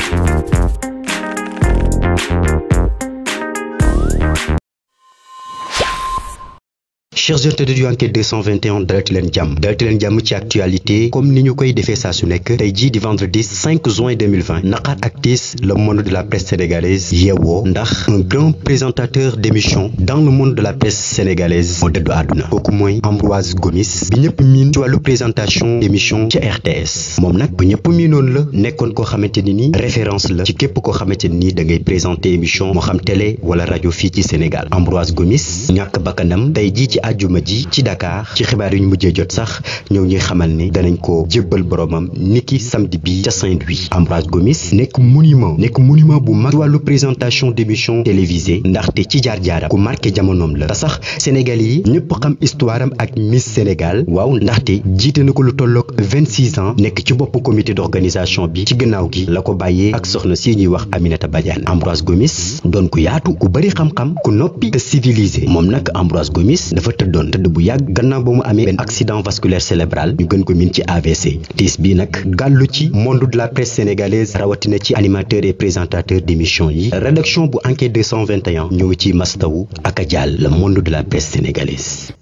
Thank you. chers auditeurs yu Enquête 221 dalati leen jàmm dalati leen jàmm ci actualité comme ni ñu koy defee saa su nekk tey jii di vendredi 5 juin 2020 naqar ak tiis le monde de la presse sénégalaise yeewoo ndax un grand présentateur d'émission dans le monde de la presse sénégalaise moo dëddu àdduna kooku mooy Ambroise Gomis bi ñëpp miin ci wàllu présentation d'émission ci RTS moom nag bu ñëpp miinoon la nekkoon koo xamante ni nii référence la ci képp koo xamante ni nii da ngay présenter émission moo xam télé wala rajo fii ci Sénégal Ambroise Gomis ñàkk bakkanam tey jii ci ajjuma ji ci Dakar ci xibaar yu ñu mujjee jot sax ñoo ñuy xamal ne danañ ko jébbal boromam niki samedi bi ca Saint-Louis Ambroise Gomis nekk monument nekk monument bu mag wàllu présentation d'émission télévisée ndaxte ci jaar-jaaram ku marqué jamonoom la te sax Sénégal yi ñëpp xam histoire am ak Miss Sénégal waaw ndaxte jiite na ko lu tolloog vingt six ans nekk ci bopp comité d'organisation bi ci gannaaw gi la ko bàyyee ak soxna si ñuy wax Aminata Badiane Ambroise Gomis tëddoon tëdd bu yàgg gannaaw ba mu amee benn accident vasculaire cérébral ñu gën ko min ci AVC tiis bii nag gàllu ci monde de la presse sénégalaise rawatina ci animateur et présentateur d'émission yi rédaction bu enquête 221 ñoo ngi ci mastawu ak a jaal le monde de la presse sénégalaise